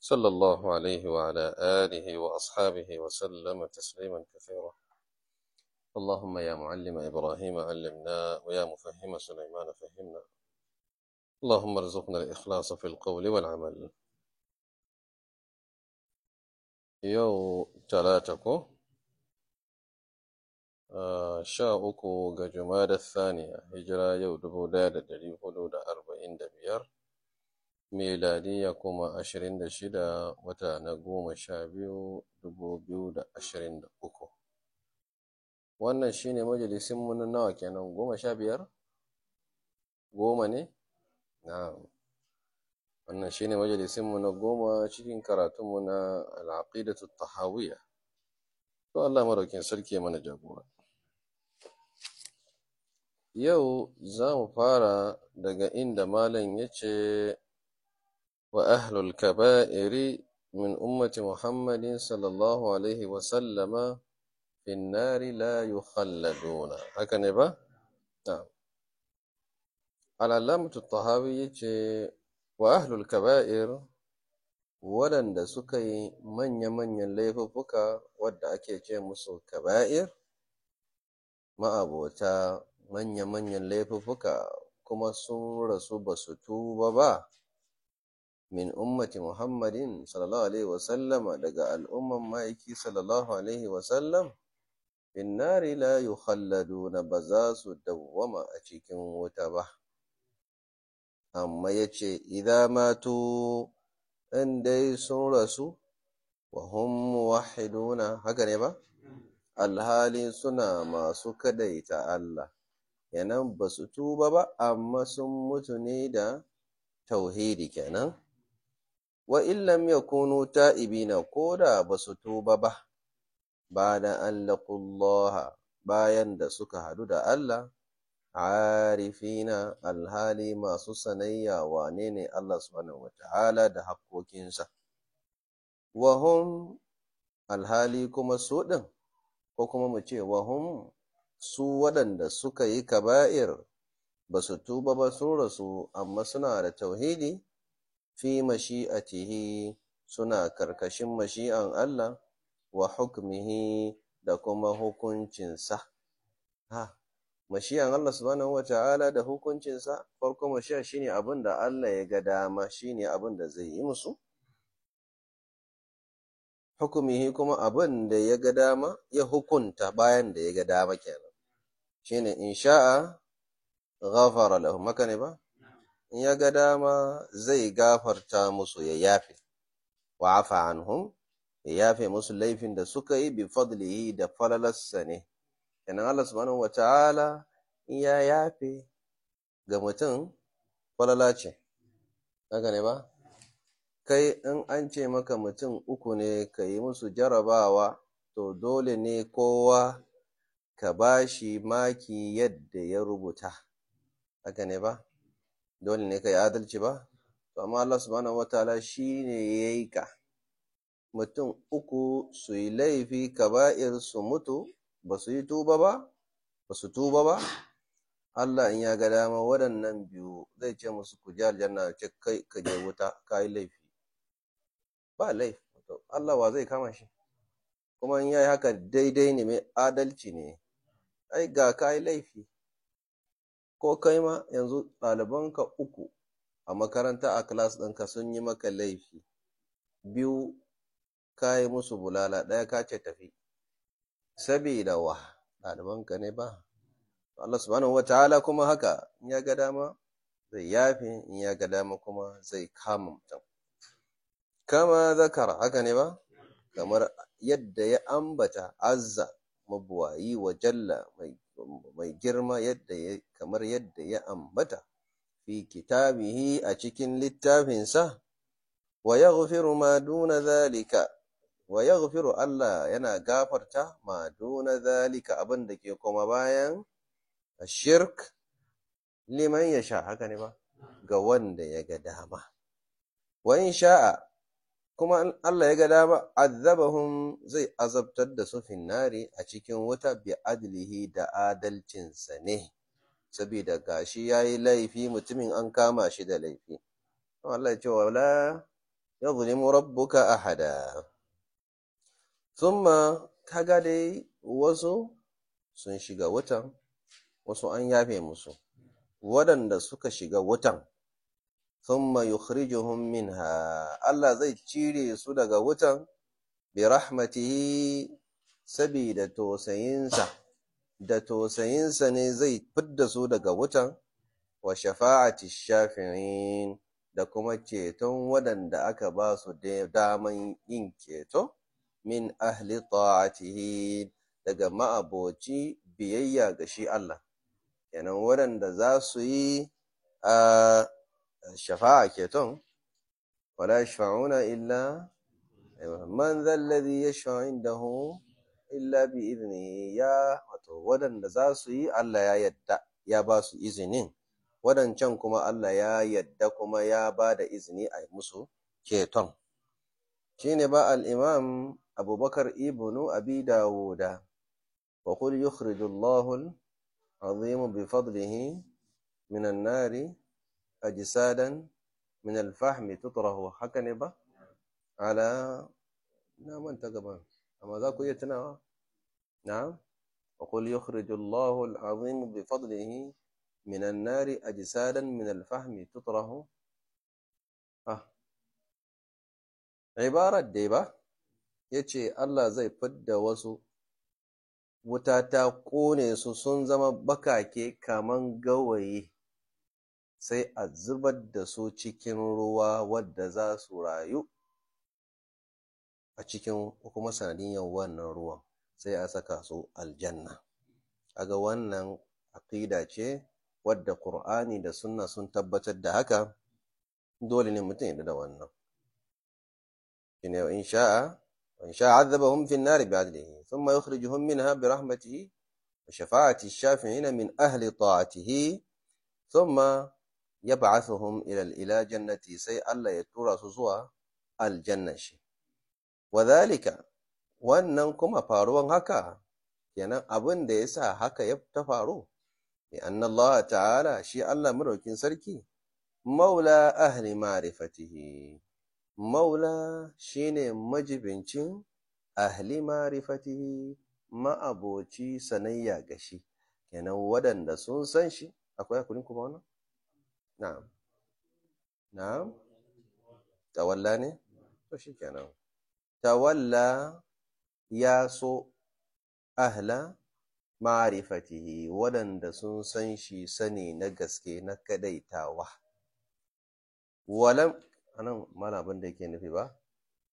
صلى الله عليه وعلى آله وأصحابه وسلم تسليما كثيرا اللهم يا معلم إبراهيم علمنا ويا مفهم سليمان فهمنا اللهم ارزقنا الإخلاص في القول والعمل يو تلاتكو sha آه، uku الثانية هجرة يو hijira yau dubu ɗaya da miladiya kuma ashirin da shida wata na goma sha biyu dubu biyu da ashirin da uku wannan shine majalisinmu na nawa kenan goma sha biyar goma ne Na. wannan shine majalisinmu na goma cikin karatunmu na al'aqidatu tahawiyya to Allah maraukin sarki mana jagora yau za mu fara daga inda malam ya ce وأهل الكبائر من أمة محمد صلى الله عليه وسلم في النار لا يخلدون هكذا نبا نعم العلامة الطهاوي وأهل الكبائر waɗanda suka yi manya-manyan laifuffuka wadda ake ce musu kaba'ir ma'abota manya-manyan laifuffuka kuma sun rasu ba su tuba ba min ummati Muhammadin sallallahu alaihi wasallama daga al'umman ma'aiki sallallahu alaihi wasallam in nari la yukhalladuna ba za su dawwama a cikin wuta ba amma yace idan matu in dai sun rasu wa hum muwahhiduna haka ne ba alhali suna masu kadaita Allah kenan ba su tuba ba amma sun mutu ne da tauhidi kenan wa illam ibina, ta'ibina da basu tuba ba bada an laqullaha bayan da suka hadu da Allah arifina alhali masu sanayya wane ne Allah subhanahu Ta'ala da haƙoƙinsa wahum alhali kuma su ɗin ko kuma mu ce wahum su waɗanda suka yi kaba'ir ba su tuba ba sun rasu amma suna da tauhidi fi mashi'atihi suna karkashin mashi'an Allah wa hukmihi da kuma hukuncinsa. Ha, mashi'an Allah subhanahu wa ta'ala da hukuncinsa, farko mashi'a shi ne abin da Allah ya ga dama shi ne abin da zai yi musu? Hukumihi kuma abin da ya ga dama ya hukunta bayan da ya ga dama kenan. Shi ne, in sha'a, ghafara lahu, maka ne ba? in ya ga dama zai gafarta musu ya yafe wa afa anhum ya yafe musu laifin da suka yi bi fadlihi da falalarsa ne kenan Allah subhanahu wataala in ya yafe ga mutum falala ce haka ne ba kai in an ce maka mutum uku ne ka yi musu jarabawa to dole ne kowa ka bashi maki yadda ya rubuta haka ne ba dole ne ka yi adalci ba to amma Allah subhanahu wataala shine yayi ka mutum uku su yi laifi kaba'ir su mutu ba su yi tuba ba ba tuba ba Allah in ya ga dama waɗannan biyu zai ce musu ku ji aljanna ce kai ka je wuta ka yi laifi ba laifi Allah wa zai kama shi kuma in yayi haka daidai ne mai adalci ne ai ga ka yi laifi Ko kai ma yanzu ɗalibanka uku a makaranta a kilas ɗinka sun yi maka laifi, biyu ka yi musu bulala, ɗaya ka ce tafi, sabida wa ɗalibanka ne ba. Allah subhanahu wa ta'ala kuma haka in ya ga dama zai yafi in ya ga dama kuma zai kama mutum. Kama zakara haka ne ba? Kamar yadda ya ambata azza mabuwayi wa jalla mai mai girma yadda kamar yadda ya ambata fi kitabihi a cikin littafinsa wa yaghfiru ma duna zalika wa yaghfiru Allah yana gafarta ma duna zalika abin da ke kuma bayan ashirk liman yasha haka ne ba ga wanda ya ga dama wa in sha'a kuma in Allah ya ga dama azabahum zai azabtar da su finnari a cikin wuta bi adlihi da adalcinsa ne saboda gashi yayi laifi mutumin an kama shi da laifi to Allah ya ce wala yadhlimu rabbuka ahada thumma kaga dai wasu sun shiga wutan wasu an yafe musu waɗanda suka shiga wutan thumma yukhrijuhum minha Allah zai cire su daga wutan bi rahmatihi sabida tosayinsa da tosayinsa ne zai fidda su daga wutan wa shafa'ati shafi'in da kuma ceton waɗanda aka ba su daman yin ceto min ahli ta'atihi daga ma'aboci biyayya ga shi Allah kenan waɗanda za su yi a ah, shafa'a keton wala yashfa'una illa man zal ladhi yashfa'u indahu illa bi izini ya wato wadanda za su yi Allah ya yadda ya ba su izinin wadancan kuma Allah ya yadda kuma ya ba da izini a musu keton shine ba al-imam abubakar ibnu abi dawuda wa qul yukhrijullahu al bi fadlihi minan nari أجسادا من الفحم تطره حكنبة على نعم أنت كمان أما ذاك يتناوى نعم وقل يخرج الله العظيم بفضله من النار أجسادا من الفحم تطره آه. عبارة ديبة يتشي الله زي فد وسو wuta سوسون ƙone su sun zama sai a zubar da su cikin ruwa wadda za su rayu a cikin kuma sanadiyar wannan ruwan sai a saka su aljanna aga wannan aƙida ce wadda ƙur'ani da suna sun tabbatar da haka dole ne mutum ya da wannan shine in sha'a in sha'a hun fi an-nar bi'adlihi thumma yukhrijuhum minha bi rahmatihi wa shafa'ati shafin, shafiina min ahli ta'atihi thumma ya ba'athuhum ila ila jannati sai Allah ya tura su zuwa aljannashi. shi wadhalika wannan kuma faruwan haka kenan abin da yasa haka ya ta faru bi anna Allah ta'ala shi Allah madaukin sarki maula ahli ma'rifatihi maula shine majibincin ahli ma'rifatihi ma'aboci sanayya gashi kenan wadanda sun san shi akwai akurin kuma wannan na'am na'am tawalla ne to shikenan tawalla ya so ahla ma'rifatihi waɗanda sun san shi sani na gaske na kadaitawa walam anan mana da yake nufi ba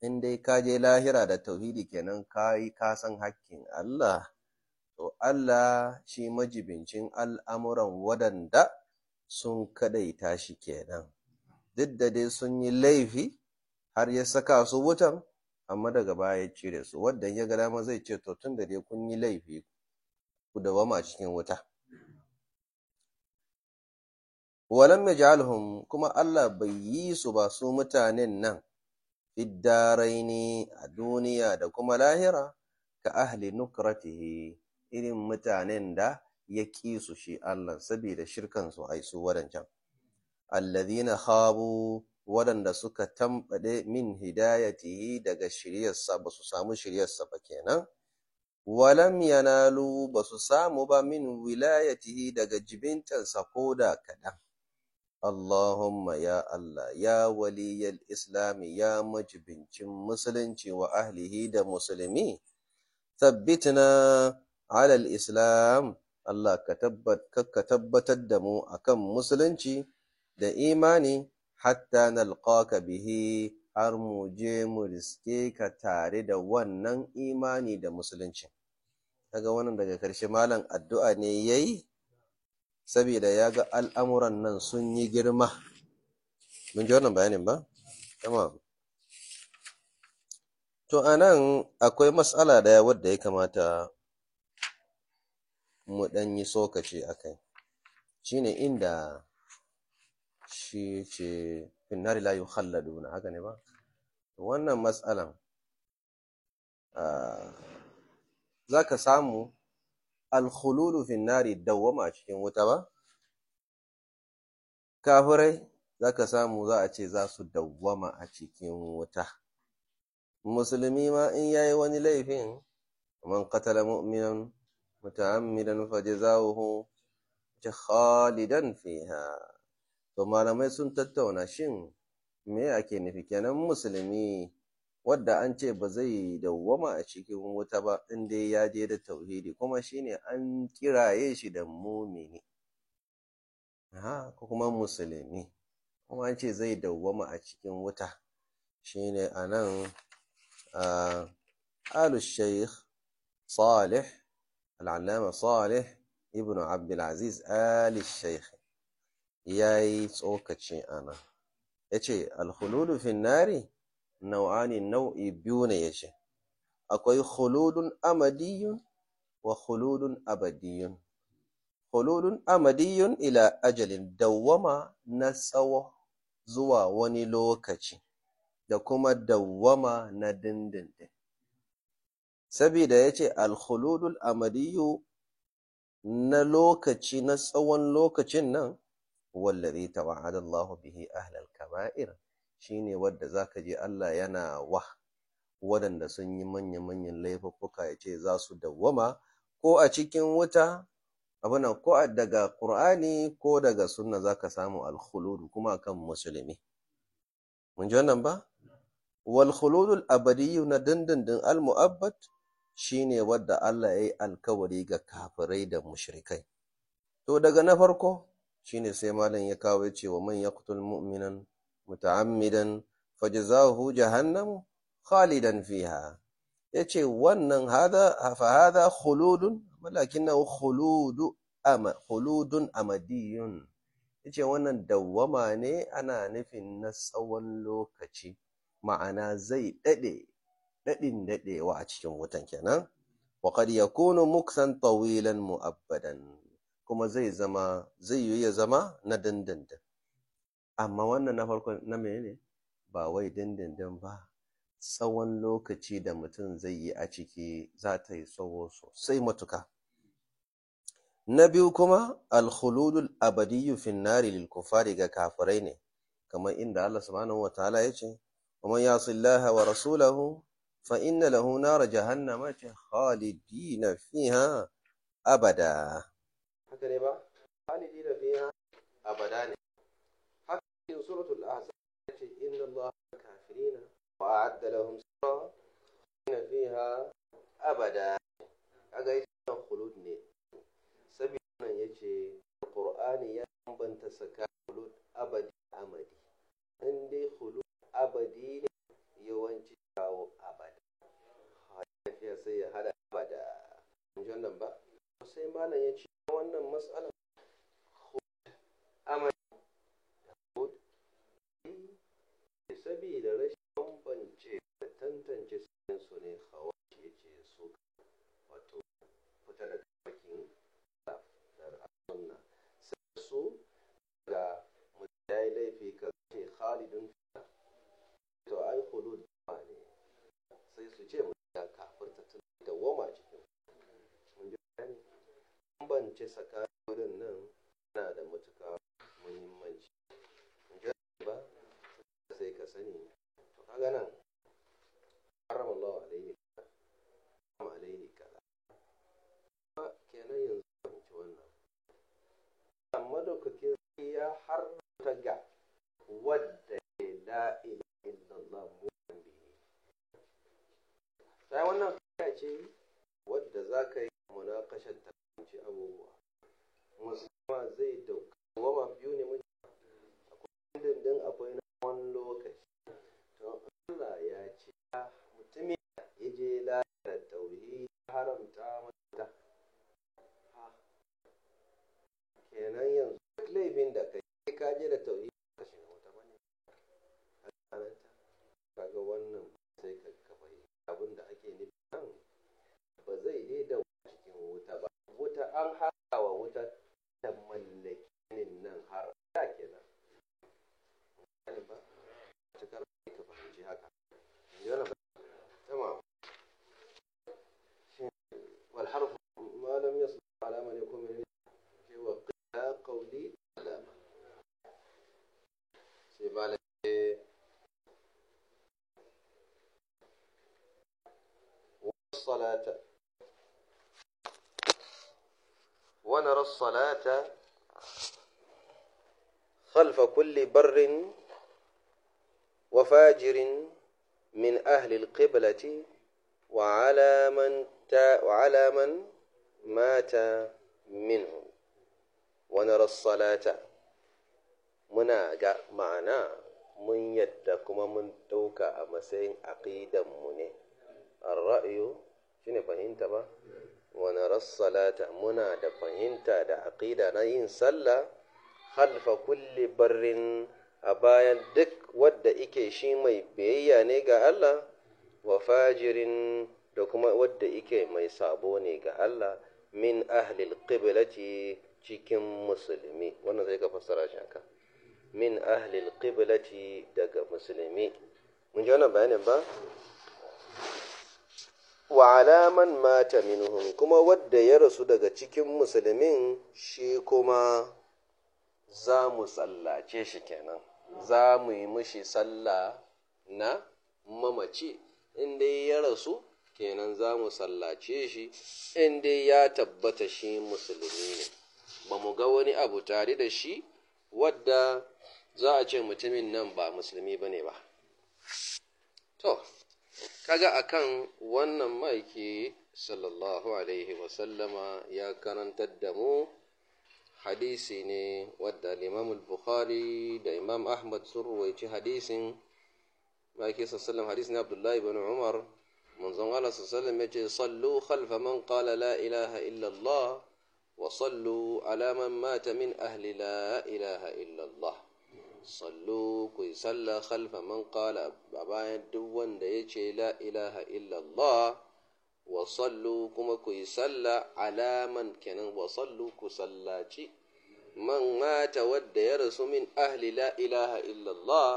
in dai ka je lahira da tauhidi kenan kai ka san hakkin Allah to Allah shi majibincin al'amuran waɗanda sun kaɗaita shi kenan duk da dai sun yi laifi har ya saka su wutan amma daga baya ya cire su wadda ya ga dama zai ce to tun da dai kun yi laifi ku da wama cikin wuta walam majalhum kuma Allah bai yi su ba su mutanen nan fiddaraini a duniya da kuma lahira ka ahli nukratihi irin mutanen da ya ƙi su shi Allah saboda shirkan su haisu wadancan alladhina Habu, waɗanda suka tambaɗe min hidayatihi daga shiryarsa ba su samu shiryarsa ba kenan walam yanalu ba su samu ba min wilayatihi daga jibintansa ko da kaɗan Allahumma ya Allah ya waliyal islami ya majibincin musulunci wa ahlihi da musulmi tabbitina alal islam Allah ka tabbatar da mu akan musulunci da imani hatta nalqaka bihi har mu je mu riske ka tare da wannan imani da musulunci kaga wannan daga karshe malam addu'a ne yayi saboda ya ga al'amuran nan sun yi girma mun ji wannan bayanin ba tamam to anan akwai matsala daya wadda ya kamata mu ɗan yi tsokaci a kai shi ne inda shi ce finnari layu halladuna haka ne ba wannan matsalan za ka samu alhululu finnari dawwama a cikin wuta ba kafirai za ka samu za a ce za su dawwama a cikin wuta musulmi ma in yayi wani laifin man katala mu'minan muta'ammidan fajazawuhu khalidan fiha to malamai sun tattauna shin me ake nufi kenan musulmi wadda an ce ba zai dawwama a cikin wuta ba in dai ya je da tauhidi kuma shine an kiraye shi da mumini ha ko kuma musulmi kuma an ce zai dawwama a cikin wuta shine anan alu shaykh salih al'allama salih ibn abdulaziz ali shaikh ya yi tsokaci ana ya ce alhululu finnari nau'ani nau'i biyu ne ya ce akwai hululun Amadiyyun wa hululun Abadiyyun. hululun amadiyun ila ajalin dawwama na tsawo zuwa wani lokaci da kuma dawwama na dindindin sabida ya ce alkhuludul amaliyu na lokaci na tsawon lokacin nan wallazi ta Allah bihi ahlal kaba'ir shine wanda ka je Allah yana wa waɗanda sun yi manya-manyan laifuffuka ya ce za su dawwama ko a cikin wuta abuna ko daga ƙur'ani ko daga sunna ka samu alkhuludu kuma kan musulmi mun ji wannan ba wal khuludul na dindindin al mu'abbad shine ne wadda Allah ya yi alkawari ga kafirai da mushrikai. To daga na farko shine sai malam ya kawo ce wa man yaqtul mu'minan muta'ammidan fajzahu jahannam khalidan fiha. Yace wannan hada fa hada khuludun walakinahu khuludun amadiyun. Yace wannan dawwama ne ana nufin na tsawon lokaci ma'ana zai dade daɗin daɗewa a cikin wutan kenan wa qad yakunu muksan tawilan mu'abbadan kuma zai zama zai yi ya zama na dandandan amma wannan na farko na menene ba wai dindindin ba tsawon lokaci da mutum zai yi a ciki za ta yi tsawo sosai matuka na biyu kuma alkhuludul abadiyyu finnari nari lil kufari ga kafirai ne kamar inda Allah subhanahu ta'ala ya ce kuma ya sallaha wa rasulahu fa inna lahu nara jahannama ce khalidina fiha abada haka ne ba khalidina fiha abada ne haka cikin suratul ahzab ce inna allaha kafirina wa a'adda lahum sirra fiha abada kaga ita khulud ne saboda nan yace alqur'ani ya bambanta saka khulud abadi amadi in dai khulud abadi ne yawanci kawo sai ya hada ba da wannan ba sai malam ya ce wannan matsala amal saboda rashin bambance da tantance sanin su ne hawashi ce ce su wato fita da bakin da sunna sai su ga mutai laifi ka ce khalidun to ai khulud goma a cikin mun ji bayani bambance tsakanin wurin nan yana da matuƙa c'est mal والصلاة ونرى الصلاة خلف كل بر وفاجر من أهل القبلة وعلى من تا وعلى من مات منهم ونرى الصلاة muna ga ma'ana mun yadda kuma mun ɗauka a matsayin mu ne ra'ayu shi ne fahimta ba wani rassalata muna da fahimta da aƙida na yin sallah halfa kulle barin a bayan duk wadda ike shi mai biyayya ne ga Allah wa fajirin da kuma wadda ike mai sabo ne ga Allah min ahlil qiblati cikin musulmi wannan zai ka fassara shi min ahlil qiblati daga musulmi mun ji wannan bayanin ba wa alaman mata minhum kuma wadda ya rasu daga cikin musulmin shi kuma za mu tsallace shi kenan za mu yi mushi sallah na mamaci inda ya rasu kenan za mu sallace shi inda ya tabbata shi musulmi ne ba mu ga wani abu tare da shi wadda za a ce mutumin nan ba musulmi ba ne ba to kaga akan wannan maiki sallallahu alaihi wasallama ya karantar da mu hadisi ne wadda imam bukhari da imam ahmad sun ruwaici hadisin maiki sallallahu ne abdullahi bin umar manzon Allah sallallahu ya ce sallu khalfa man qala la ilaha illallah wa sallu ala man mata min ahli la ilaha illallah sallu ku yi sallah khalfa man qala a bayan duk wanda ya ce la ilaha illallah wa sallu kuma ku yi sallah alaman kenan wa sallu ku sallaci man mata wadda ya rasu min ahli la ilaha illallah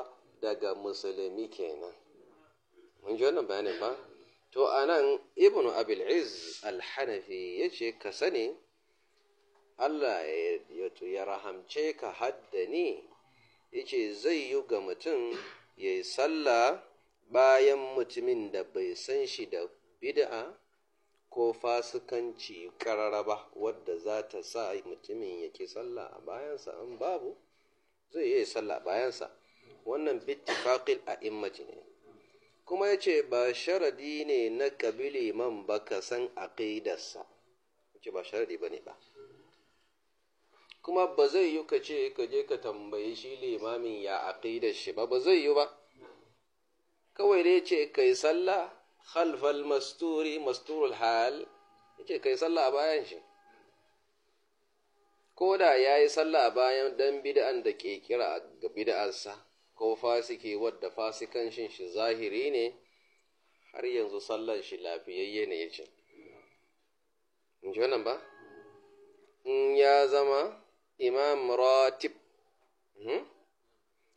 daga musulmi kenan mun ji wannan bayanin ba to anan ibnu abil izz al-hanafi yace ka sani Allah ya rahamce ka haddani yace zai yi ga mutum ya yi sallah bayan mutumin da bai san shi da bid'a ko fasikanci karara ba wadda za ta sa mutumin ya ke sallah a bayansa an babu zai yi sallah a bayansa wannan bittifaqil a immaci ne kuma ya ce ba sharadi ne na kabili man baka san aƙidarsa. ce ba sharadi ba ne ba kuma ba zai yi ka ce ka je ka tambayi shi limamin ya da shi ba ba zai yi ba kawai dai ce kai sallah khalfal masturi masturul hal yace kai sallah a bayan shi ko da yayi sallah a bayan dan bid'an da ke kira ga sa, ko fasike wadda fasikan shin shi zahiri ne har yanzu sallar shi lafiyayye ne yace in ji wannan ba in ya zama imam ratib hmm?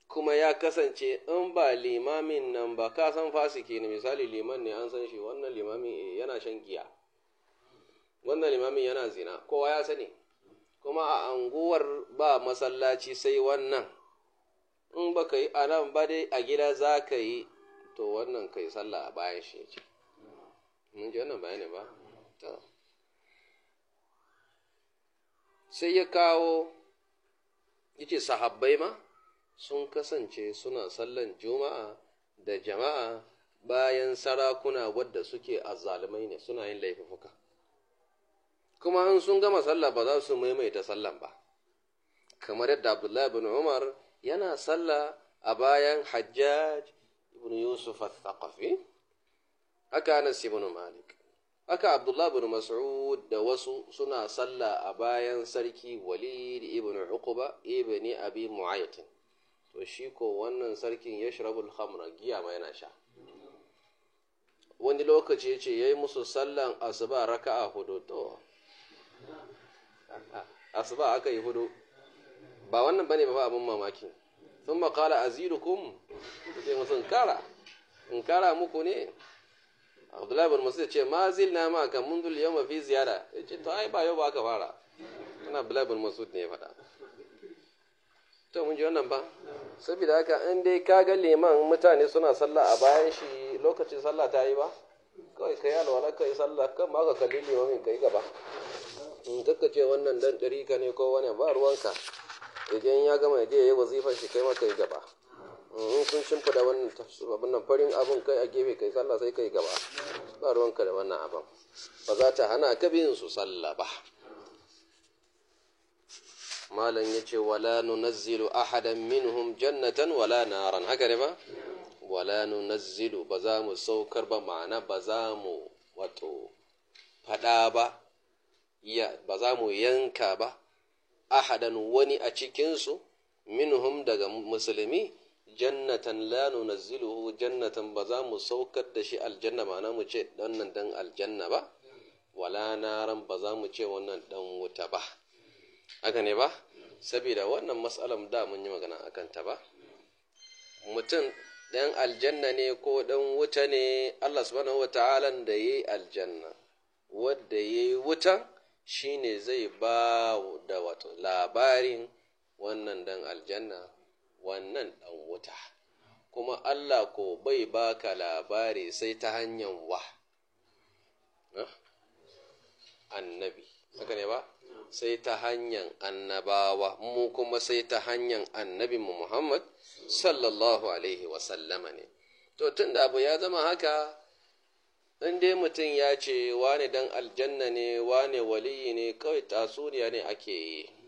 kuma ya kasance in ba limamin nan ba ka san fasiki ne misali liman ne an san shi wannan limamin yana shan giya wannan limamin yana zina kowa ya sani kuma a anguwar ba masallaci sai wannan in ba ka yi a nan ba dai a gida za ka yi to wannan kai sallah a bayan shi ce mun ji wannan bayani ba sai ya kawo yace sahabbai ma sun kasance suna sallan juma'a da jama'a bayan sarakuna wadda suke a azzalumai ne suna yin laifuka kuma in sun gama sallah ba za su maimaita sallan ba kamar yadda abdullahi bin umar yana sallah a bayan hajjaj ibn yusuf al-thaqafi haka anas ibn malik haka abdullah bin mas'ud da wasu suna sallah a bayan sarki walid ibn uquba ibn abi mu'aytin to shi ko wannan sarkin yashrabul khamra giya ma yana sha wani lokaci ya ce ya yi musu sallan asuba raka'a hudu to asuba aka yi hudu ba wannan bane ba abin mamaki sun makala azidukum sai musu kara in kara muku ne abdullahi bin masu ce ma zil na ma kan mundul yau mafi ziyara ya ce to ai ba yau ba aka fara ana abdullahi bin masu ne ya faɗa to mun ji wannan ba saboda haka in dai ka ga liman mutane suna sallah a bayan shi lokacin sallah ta yi ba kawai ka yi alwala ka yi sallah kan ma ka kalli limamin ka yi gaba in kakka ce wannan dan ɗari ka ne ko wani ba ruwanka idan ya gama ya je ya yi wazifar shi kai ka yi gaba in sun shimfida wannan abin nan farin abin kai a gefe kai sallah sai kai gaba ba ruwanka da wannan abin ba za ta hana ka bin su sallah ba malam ya ce wala nunazzilu ahadan minhum jannatan wala naran haka ne ba wala nunazzilu ba za mu saukar ba ma'ana ba za mu wato fada ba ba za mu yanka ba ahadan wani a cikinsu minhum daga musulmi jannatan la nunazziluhu jannatan ba za mu saukar da shi aljanna ma'ana mu ce wannan dan aljanna ba wala naran ba za mu ce wannan dan wuta ba haka ne ba saboda wannan matsalar da mun yi magana akan ta ba mutum dan aljanna ne ko dan wuta ne Allah subhanahu wataala da yayi aljanna wanda yayi wuta shine zai ba da wato labarin wannan dan aljanna wannan ɗan wuta kuma Allah ko bai baka labari sai ta hanyar wa annabi haka ne ba sai ta hanyar annabawa mu kuma sai ta hanyar annabinmu Muhammad sallallahu alaihi wasallama ne to tun da abu ya zama haka in dai mutum ya ce wane dan aljanna ne wane waliyi ne kawai tatsuniya ne ake yi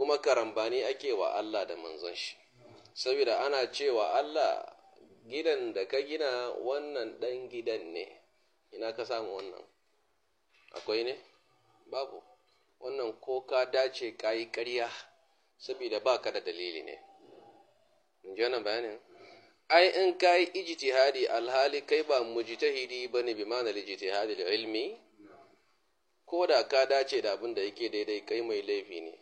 kuma karambani ake wa Allah da manzon shi saboda ana cewa Allah gidan da ka gina wannan dan gidan ne ina ka samu wannan akwai ne babu wannan ko ka dace ka yi ƙarya saboda ba ka da dalili ne in ji wannan bayanin ai in ka yi ijtihadi alhali kai ba mujtahidi ba ne bi ma'anar ijtihadi da ilmi ko da ka dace da abin da yake daidai kai mai laifi ne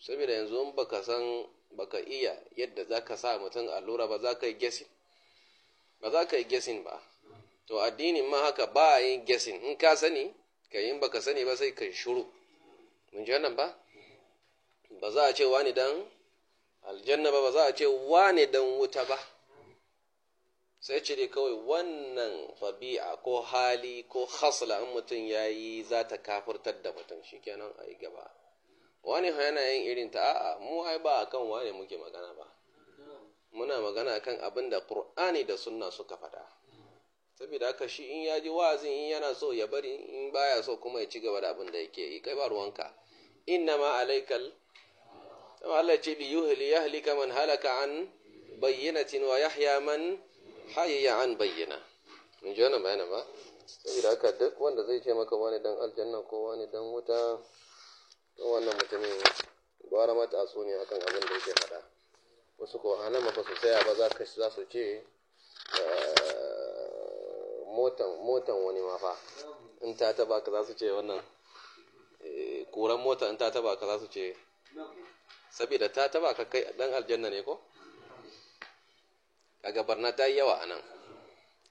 saboda yanzu in baka san baka iya yadda za ka sa mutum allura ba za ka yi gesin ba za ka yi gesin ba to addinin ma haka ba a yin gesin in ka sani ka yi baka sani ba sai ka shuru mun ji wannan ba ba za a ce wani dan aljanna ba ba za a ce wani dan wuta ba sai ce kawai wannan fabi'a ko hali ko hasla in mutum ya yi za ta kafurtar da mutum kenan a yi gaba wani fa yana yin irin ta a'a mu ai ba akan wani muke magana ba muna magana kan abin da qur'ani da sunna suka fada saboda haka shi in ya ji wa'azin in yana so ya bari in baya so kuma ya ci gaba da abin da yake yi kai ba ruwanka innama alaikal sama Allah ce bi yuhli yahlika man halaka an bayyinatin wa yahya man hayya an bayyina mun ji wannan bayanan ba saboda haka duk wanda zai ce maka wani dan aljanna ko wani dan wuta wannan mutumin gwara ma tatso ne akan abin da yake faɗa wasu ko hana mafa su saya ba za ka za su ce eh, motan wani ma fa in ta taba ka za su ce wannan kuran eh, mota in ta taba ka za su ce saboda ta taba ka kai dan aljanna ne ko a gabarna ta yi yawa anan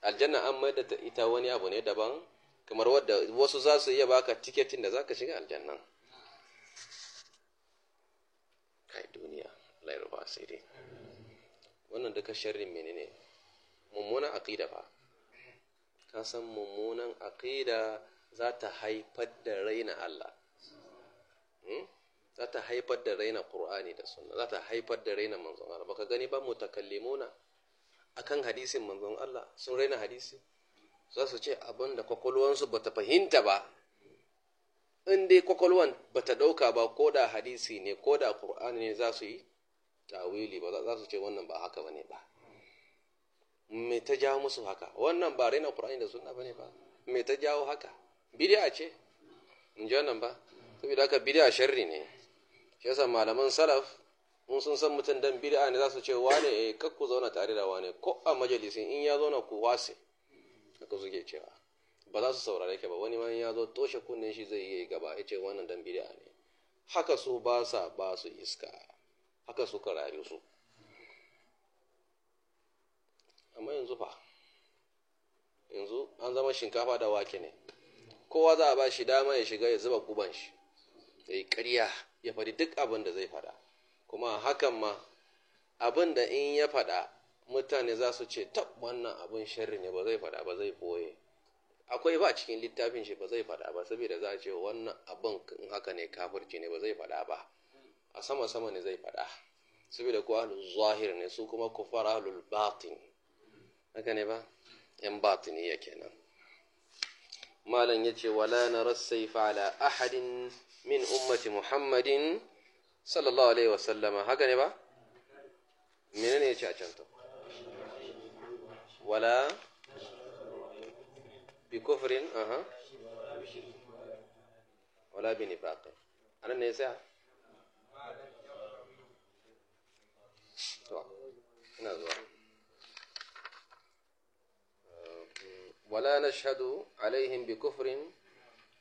aljanna an mai da ita wani abu ne daban kamar wadda wasu za su iya baka tiketin da za ka shiga aljannan kai duniya lai sai dai wannan duka sharrin menene mummunan aqida fa ka san mummunan aqida za ta haifar da raina Allah hmm? za ta haifar da raina Qur'ani da sunna za ta haifar da raina manzon Allah baka gani ba mutakallimuna akan hadisin manzon Allah sun raina hadisi za su ce abin da kwakwalwansu ba ta fahimta ba in dai kwakwalwan ba ta ɗauka ba ko da hadisi ne ko da ƙur'ani ne za su yi tawili ba za su ce wannan ba haka ba ne ba me ta jawo musu haka wannan ba raina ƙur'ani da suna ba ne ba me ta jawo haka bidiya ce in ji wannan ba saboda haka bidiya sharri ne shi yasa malaman salaf mun sun san mutum dan bidiya ne za su ce wane eh kakku zauna tare da wane ko a majalisin in ya zauna ku wase haka suke cewa ba za su saurare ka ba wani man ya zo toshe kunnen shi zai yi gaba ya ce wannan dan bid'a ne haka su ba sa ba su iska haka ka rayu su amma yanzu fa yanzu an zama shinkafa da wake ne kowa za a ba shi dama ya shiga ya zuba guban shi ya yi ƙarya ya faɗi duk abin da zai faɗa kuma hakan ma abin da in ya faɗa mutane za su ce tab wannan abin sharri ne ba zai faɗa ba zai boye akwai ba cikin littafin shi ba zai faɗa ba saboda za a ce wannan abin in haka ne kafirci ne ba zai faɗa ba a sama sama ne zai faɗa saboda ko ahlul zahir ne su kuma kufar ahlul batin haka ne ba yan batini ya kenan malam ya ce wala na rassai fa'ala ahadin min ummati muhammadin sallallahu alaihi wasallama haka ne ba menene ya ce a can wala بكفر أها ولا بنفاق أنا نساء ولا نشهد عليهم بكفر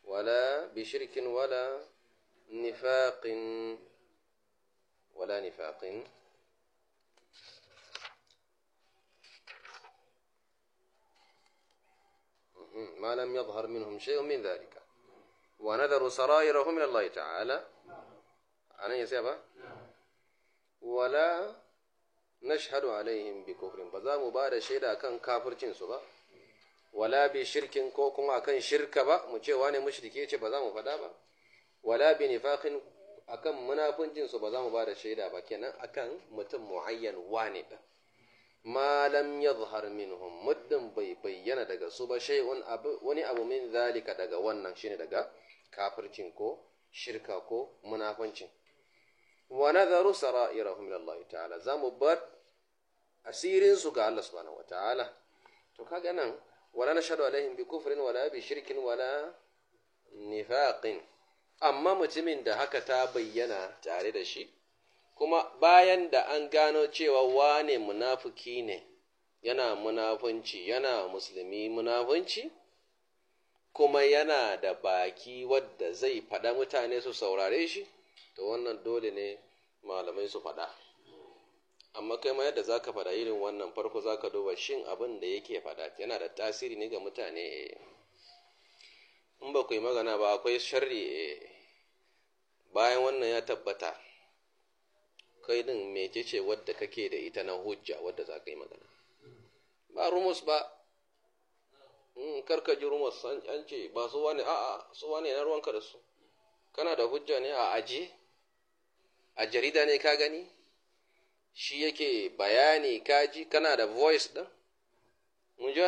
ولا بشرك ولا نفاق ولا نفاق ما لم يظهر منهم شيء من ذلك ونذروا سرائرهم إلى الله تعالى أنا يسيبها ولا نشهد عليهم بكفر بذا مبارا شيدا كان كافرcin su ba wala bi shirkin ko kuma akan shirka ba mu ce wane mushrike ce ba za mu faɗa ba wala bi nifaqin akan munafincin su ba za mu bada shaida ba kenan akan mutum muayyan wane da ma lam yadhhar minhum muddin bai bayyana da daga su ba shay'un wani abu min zalika daga wannan shine daga kafircin ko shirka ko munafancin wa nadharu sara'irahum ila Allah ta'ala zamu bar asirin su ga Allah subhanahu wataala to kaga nan wala nashhadu alaihim bi kufrin wala bi shirkin wala nifaqin amma mutumin da haka ta bayyana tare da shi kuma bayan da an gano cewa wane munafiki ne yana munafunci yana musulmi munafunci kuma yana da baki wadda zai faɗa mutane su saurare shi to wannan dole ne malamai su faɗa amma kai ma yadda zaka faɗa irin wannan farko zaka duba shin abin da yake faɗa yana da tasiri ne ga mutane in ba ku yi magana ba akwai sharri bayan wannan ya tabbata kai din mecece wadda kake da ita na hujja wadda za ka yi magana ba rumus ba mm, karka ji rumus an ce ba su wani a'a su wani na ruwanka da su kana da hujja ne a aji a jarida ne ka gani shi yake bayani kaji kana da voice ɗin mun ji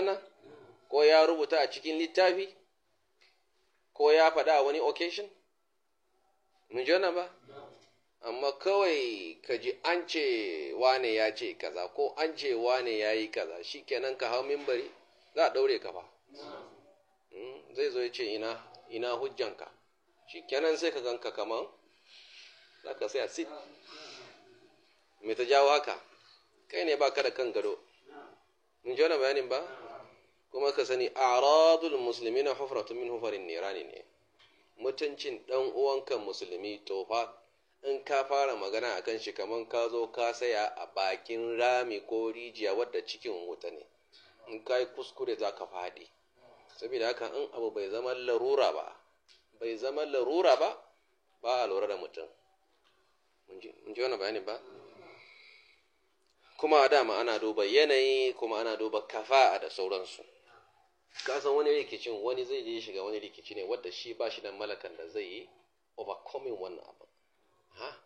ko ya rubuta a cikin littafi ko ya faɗa a wani occasion mun ji ba amma kawai ka ji an ce wane ya ce kaza ko an ce wane ya yi kaza shi kenan ka hau mimbari za a ɗaure ka ba hmm, zai zo ya ce ina ina hujjanka shi kenan sai ka ganka kaman za ka sai a sit mai ta jawo haka kai ne ba ka da kan gado mun ji wani bayanin ba kuma ka sani a radul musulmi na hufaratun min hufarin nirani ne mutuncin ɗan uwanka musulmi tofa in ka fara magana a kan shi kamar ka zo ka saya a bakin rami ko rijiya wadda cikin wuta ne in ka yi kuskure za ka faɗi saboda haka in abu bai zama larura ba bai zama larura ba ba a lura da mutum in ji wani bayani ba kuma a dama ana duba yanayi kuma ana duba a da sauransu kasan wani rikicin wani zai je shiga wani rikici ne wadda shi ba shi da malakan da zai yi overcoming wannan abu ha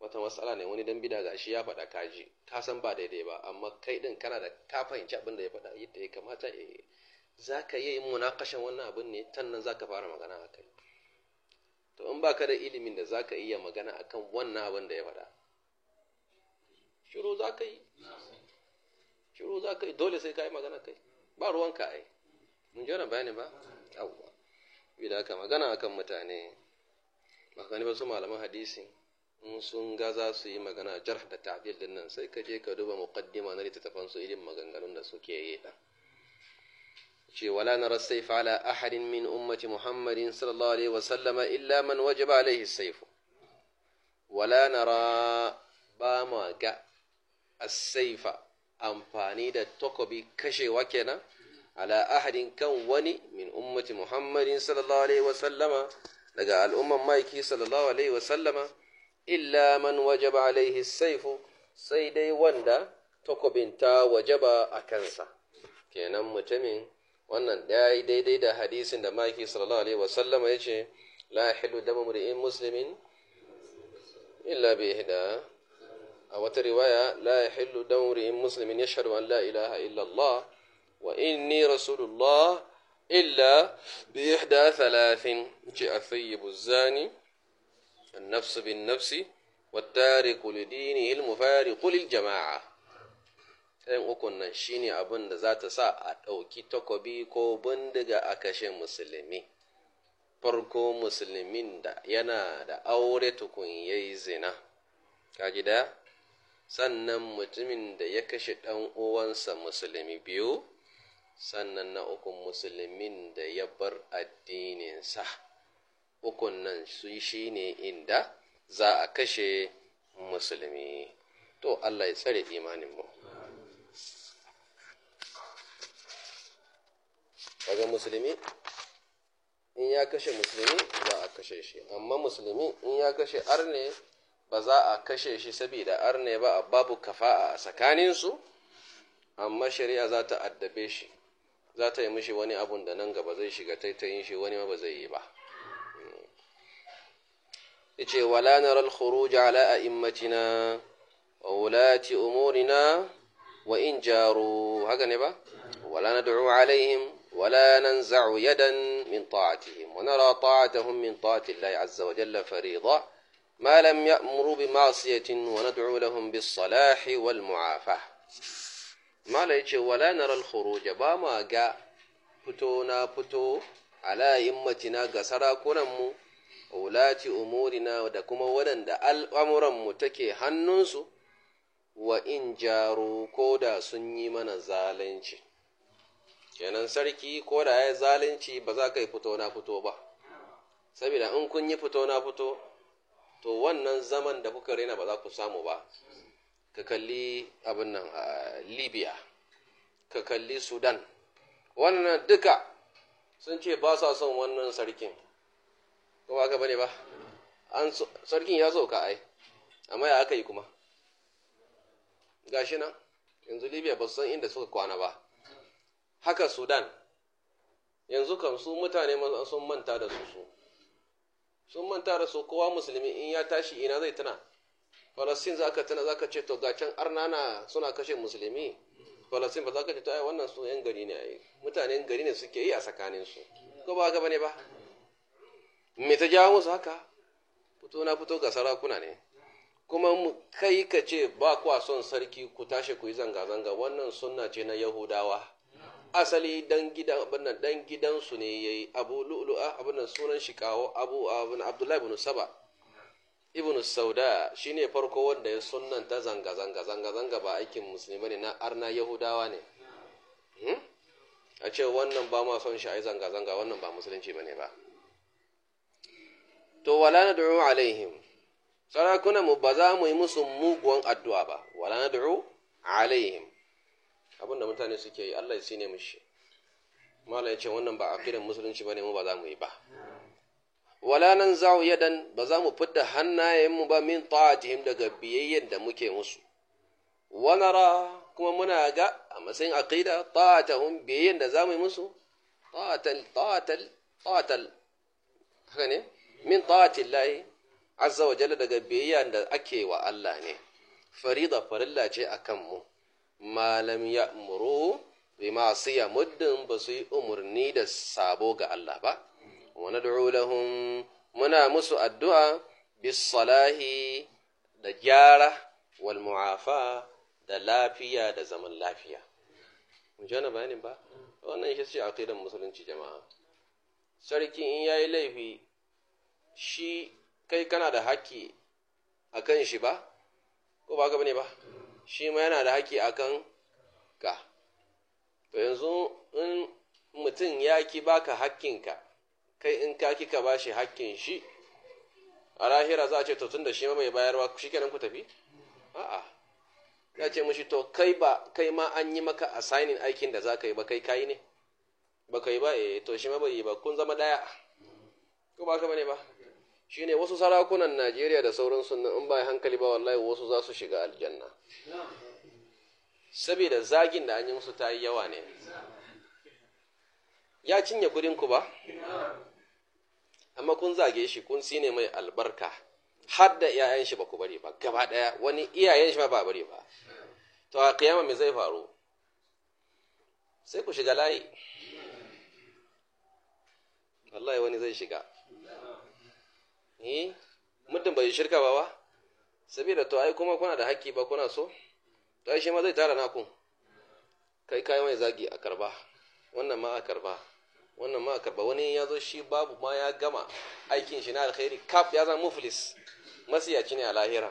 wata matsala ne wani dan bida gashi ya faɗa kaji ka san ba daidai ba amma kai din kana da ka fahimci abin da ya faɗa yadda ya kamata eh za ka yi munakashin wannan abin ne tannan za ka fara magana a kai to in ba ka da ilimin da za ka iya magana a kan wannan abin da ya faɗa shiru za ka yi shiru za ka yi dole sai ka yi magana kai ba ruwanka ai mun ji wani bayani ba yawwa bi da magana akan mutane ba ba su malaman hadisi in sun ga za su yi magana jarh da ta'dil din nan sai ka je ka duba muqaddima na littattafan su irin maganganun da suke yi da ce wala nara sayf ala ahadin min ummati muhammadin sallallahu alaihi wa sallama illa man wajaba alaihi sayf wala nara ba ma ga as-sayfa amfani da takobi kashewa kenan ala ahadin kan wani min ummati muhammadin sallallahu alaihi wa sallama daga al'umman ma'aiki sallallahu alaihi wasallama illa man wajaba alaihi saifu sai dai wanda takobin ta wajaba a kansa kenan mutumin wannan ɗaya daidai da hadisin da ma'aiki sallallahu alaihi wasallama ya ce la hilu dama muri'in musulmin illa bi ihda a wata riwaya la dama muri'in muslimin yashhadu an la illallah wa inni rasulullah إلا بإحدى ثلاث الثيب الزاني النفس بالنفس والتارك لدينه المفارق للجماعة ɗayan ukun nan shine abin da za ta sa a ɗauki takobi ko bindiga a kashe musulmi farko musulmin da yana da aure tukun ya yi zina kaji da sannan mutumin da ya kashe ɗan uwansa musulmi biyu sannan na uku musulmin da ya bar addininsa ukun nan shi ne inda za a kashe musulmi to Allah ya tsare imaninmu daga musulmi in ya kashe musulmi za a kashe shi amma musulmi in ya kashe arne ba za a kashe shi saboda arne ba a babu kafa'a a tsakaninsu amma shari'a za ta addabe shi za ta yi mishi wani abun da nan gaba zai shiga taitayin shi wani ma ba zai yi ba yace wala nara al-khuruj ala a'immatina wa ulati umurina wa in jaru haka ne ba wala nad'u alaihim wala ولا ننزع يدا من طاعتهم ونرى طاعتهم من طاعة الله عز وجل فريضة ما لم يأمروا بمعصية وندعو لهم بالصلاح والمعافاة mala ya ce wala naral khuruja ba ma ga fito na fito ala yimmatina ga sarakunanmu ulati umurina da kuma waɗanda al'amuranmu take hannunsu wa in jaru ko da sun yi mana zalunci kenan sarki ko da ya zalunci ba za ka yi fito na fito ba saboda in kun yi fito na fito to wannan zaman da kuka rena ba za ku samu ba ka kalli abin nan a libya ka kalli sudan wannan duka sun ce ba sa son wannan sarkin ko ba ka bane ba an sarkin ya sauka ai amma ya aka yi kuma gashi nan yanzu libya ba su san inda suka kwana ba haka sudan yanzu kan su mutane sun manta da su su sun manta da su kowa musulmi in ya tashi ina zai tuna falasin za ka tana za ka ce to ga can arnana suna kashe musulmi falasin ba za ka ce to ai wannan su yan gari ne ai mutanen gari ne suke yi a tsakaninsu ko ba gaba ne ba me ta jawo musu haka fito na fito ga sarakuna ne kuma kai ka ce ba kwa son sarki ku tashi ku yi zanga-zanga wannan sunna ce na yahudawa asali dan gidan abin dan gidansu ne yayi abu lu'lu'a abin sunan shi kawo abu abin abdullahi bin saba ibn sauda shine farko wanda ya sunanta zanga-zanga zanga-zanga ba aikin musulmi ne na arna yahudawa ne hmm? a ce wannan ba ma son shi a yi zanga-zanga wannan ba musulunci ba ne ba to wala na duru alaihim sarakunanmu ba za mu yi musu muguwan addu'a ba wala na duru alaihim abinda mutane suke yi allai shi ne mushi mala ya ce wannan ba a firin musulunci ba ne mu ba za mu yi ba wala nan za yadan ba za mu fidda hannayenmu ba min ta'atihim daga biyayyen da muke musu wanara kuma muna ga a matsayin aqida ta'atahum biyayyen da za mu yi musu ta'atal ta'atal ta'atal haka ne min ta'atillahi azza wa jalla daga biyayyen da ake wa Allah ne farida farilla ce akan mu malam ya'muru bi ma'siya muddin ba su yi umurni da sabo ga Allah ba wa nad'u lahum muna musu addu'a bis salahi da gyara wal mu'afa da lafiya da zaman lafiya mun ji bayanin ba wannan shi ce aqidar musulunci jama'a sarki in yayi laifi shi kai kana da haƙƙi akan shi ba ko ba ka bane ba shi ma yana da haƙƙi akan ka to yanzu in mutum ya ki baka haƙƙinka kai in ka kika ba shi hakkin shi a lahira za a ce to tun da shi ma mai bayarwa shi kenan ku tafi a'a ya ce mushi to kai ba kai ma an yi maka assigning aikin da za ka yi ba kai kayi ne ba kai ba eh to shi ma bai yi ba kun zama daya ko ba ka bane ba shine wasu sarakunan Najeriya da sauran sunna in ba hankali ba wallahi wasu za su shiga aljanna saboda zagin da an yi musu ta yi yawa ne ya cinye kudin ku ba amma kun zage shi kun sine mai albarka har da iyayen shi ba ku bari ba gaba daya wani iyayen shi ba ba bari ba to a kiyama me zai faru sai ku shiga layi wallahi wani zai shiga eh mutum bai shirka ba ba saboda to ai kuma kuna da haƙƙi ba kuna so to ai shi ma zai tara naku kai kai mai zagi a karba wannan ma a karba wannan ma karba wani ya zo shi babu ma ya gama aikin shi na alkhairi kaf ya zama muflis masiyaci ne a lahira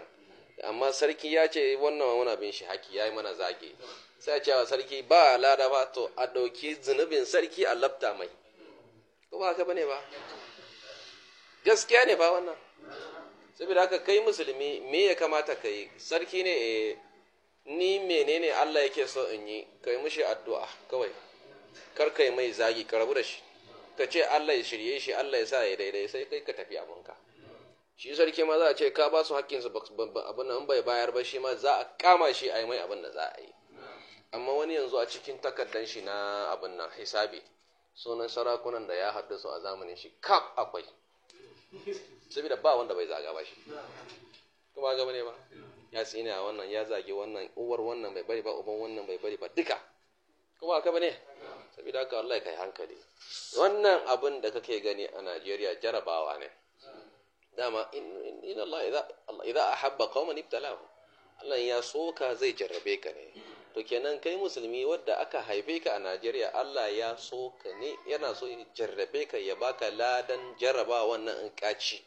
amma sarki ya ce wannan wani abin shi haki ya yi mana zage sai cewa sarki ba lada ba to a ɗauki zunubin sarki a labta mai ko ba ka bane ba gaskiya ne ba wannan saboda haka kai musulmi me ya kamata ka yi sarki ne eh, ni menene Allah yake so in yi kai mushi addu'a kawai kar yi mai zagi ka rabu da shi ka ce Allah ya shirye shi Allah ya sa ya daidai sai kai ka tafi abinka shi sarki ma za a ce ka ba su haƙƙinsu abin nan bai bayar ba shi ma za a kama shi a yi mai abin da za a yi amma wani yanzu a cikin takardan shi na abin nan hisabi sunan sarakunan da ya haddasa a zamanin shi kaf akwai saboda ba wanda bai zaga ba shi kuma ga ne ba ya tsine a wannan ya zage wannan uwar wannan bai bari ba uban wannan bai bari ba duka kuma aka bane saboda ka wallahi kai hankali wannan abin da kake gani a Najeriya jarabawa ne dama in Allah idan ahabba qauman ibtalahum Allah ya soka zai jarrabe ka ne to kenan kai musulmi wadda aka haife ka a Najeriya Allah ya soka ne yana so ya jarrabe ka ya baka ladan jarraba wannan in kaci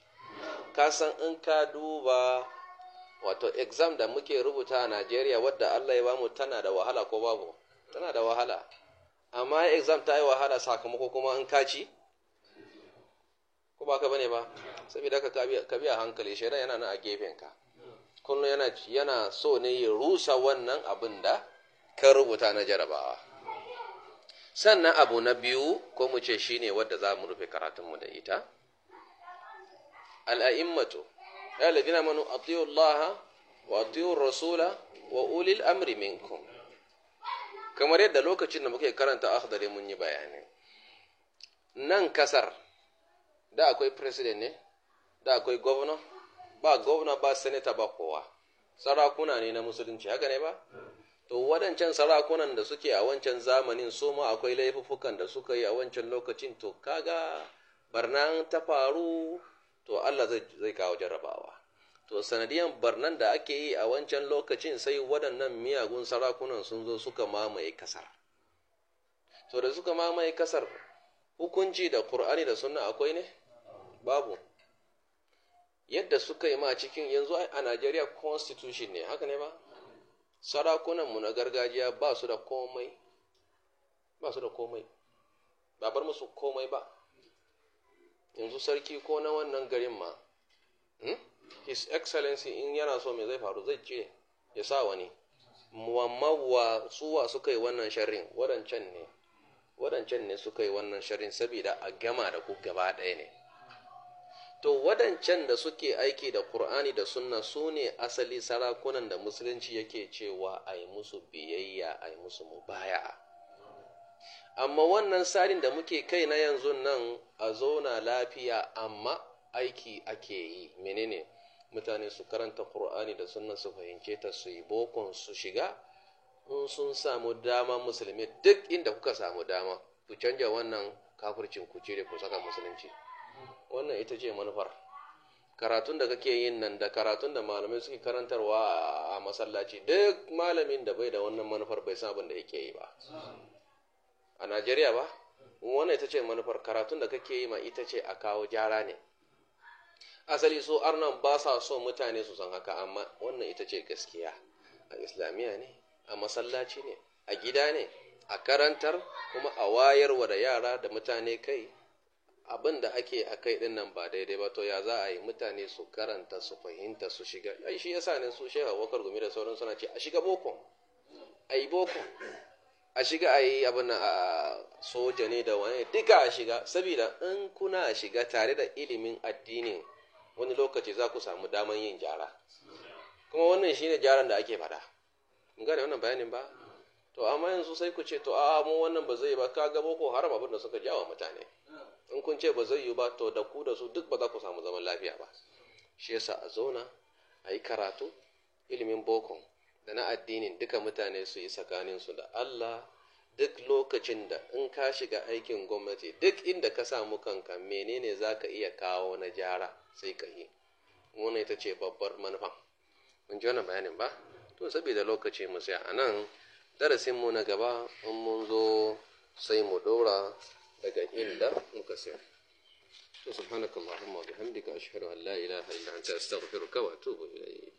ka san in ka duba wato exam da muke rubuta a Najeriya wadda Allah ya bamu tana da wahala ko babu tana da wahala amma exam ta yi wahala sakamako kuma in kaci. ci ko ba ka bane ba saboda ka ka biya hankali shaidan yana nan a gefenka kullum yana yana so ne ya rusa wannan abin da ka rubuta na jarabawa sannan abu na biyu ko mu ce shine wadda za mu rufe mu da ita al'a'immatu ya ladina manu atiyu allaha wa atiyu rasula wa ulil amri minkum kamar yadda lokacin da muke karanta akhdari mun yi bayani nan kasar da akwai president ne da akwai governor ba governor ba senator ba kowa sarakuna ne na musulunci haka ne ba to waɗancan sarakunan da suke a wancan zamanin su ma akwai laifuffukan da suka yi a wancan lokacin to kaga barnan ta faru to Allah zai kawo jarrabawa to sanadiyan barnan da ake yi a wancan lokacin sai waɗannan miyagun sarakunan sun zo suka mamaye kasar to da suka mamaye kasar hukunci da ƙur'ani da suna akwai ne babu yadda suka yi ma cikin yanzu a najeriya constitution ne haka ne ba sarakunanmu na gargajiya ba su da komai ba su da komai ba bar musu komai ba yanzu sarki ko na wannan garin ma hmm? his excellency in yana so me zai faru zai ce ya sa wani muwammawa suwa suka yi wannan sharrin waɗancan ne wadancan ne suka yi wannan sharrin saboda a gama da ku gaba ɗaya ne to waɗancan da suke aiki da ƙur'ani da sunna su ne asali sarakunan da musulunci yake cewa a yi musu biyayya a yi musu mubaya. amma wannan tsarin da muke kai na yanzu nan a zauna lafiya amma aiki ake yi menene mutane su karanta ƙur'ani da sunna su fahimce ta su yi bokon su shiga in sun samu dama musulmi duk inda kuka samu dama ku canja wannan kafircin ku cire ku saka musulunci wannan ita ce manufar karatun da kake yin nan da karatun da malamai suke karantarwa a masallaci duk malamin da bai da wannan manufar bai san abin da yake yi ba a najeriya ba wannan ita ce manufar karatun da kake yi ma ita ce a kawo jara ne asali su arnan ba sa so mutane su san haka amma wannan ita ce gaskiya a islamiyya ne a masallaci ne a gida ne a karantar kuma a wayarwa da yara da mutane kai abin da ake a kai din nan ba daidai ba to ya za a yi mutane su karanta su fahimta su shiga ai shi yasa ne su shehu wakar gumi da sauran suna ce a shiga boko a yi boko a shiga a yi abin a soja ne da wani duka a shiga saboda in kuna shiga tare da ilimin addinin wani lokaci za ku samu daman yin gyara kuma wannan shine gyaran da ake faɗa in gane wannan bayanin ba to amma yanzu sai ku ce to a mu wannan ba zai ba ka ga boko haram abin da suka jawo mutane in kun ce ba zai yi ba to da ku da su duk ba za ku samu zaman lafiya ba shi yasa a zauna a yi karatu ilimin boko da na addinin duka mutane su yi su da Allah duk lokacin da in ka shiga aikin gwamnati duk inda ka samu kanka menene za ka iya kawo na jara sai ka yi wani ta ce babbar manufan mun ji wani bayanin ba to saboda lokaci mu sai a nan darasin mu na gaba in mun zo sai mu dora daga inda muka sai to subhanakallahumma wa bihamdika ashhadu an la ilaha illa anta astaghfiruka wa atubu ilayk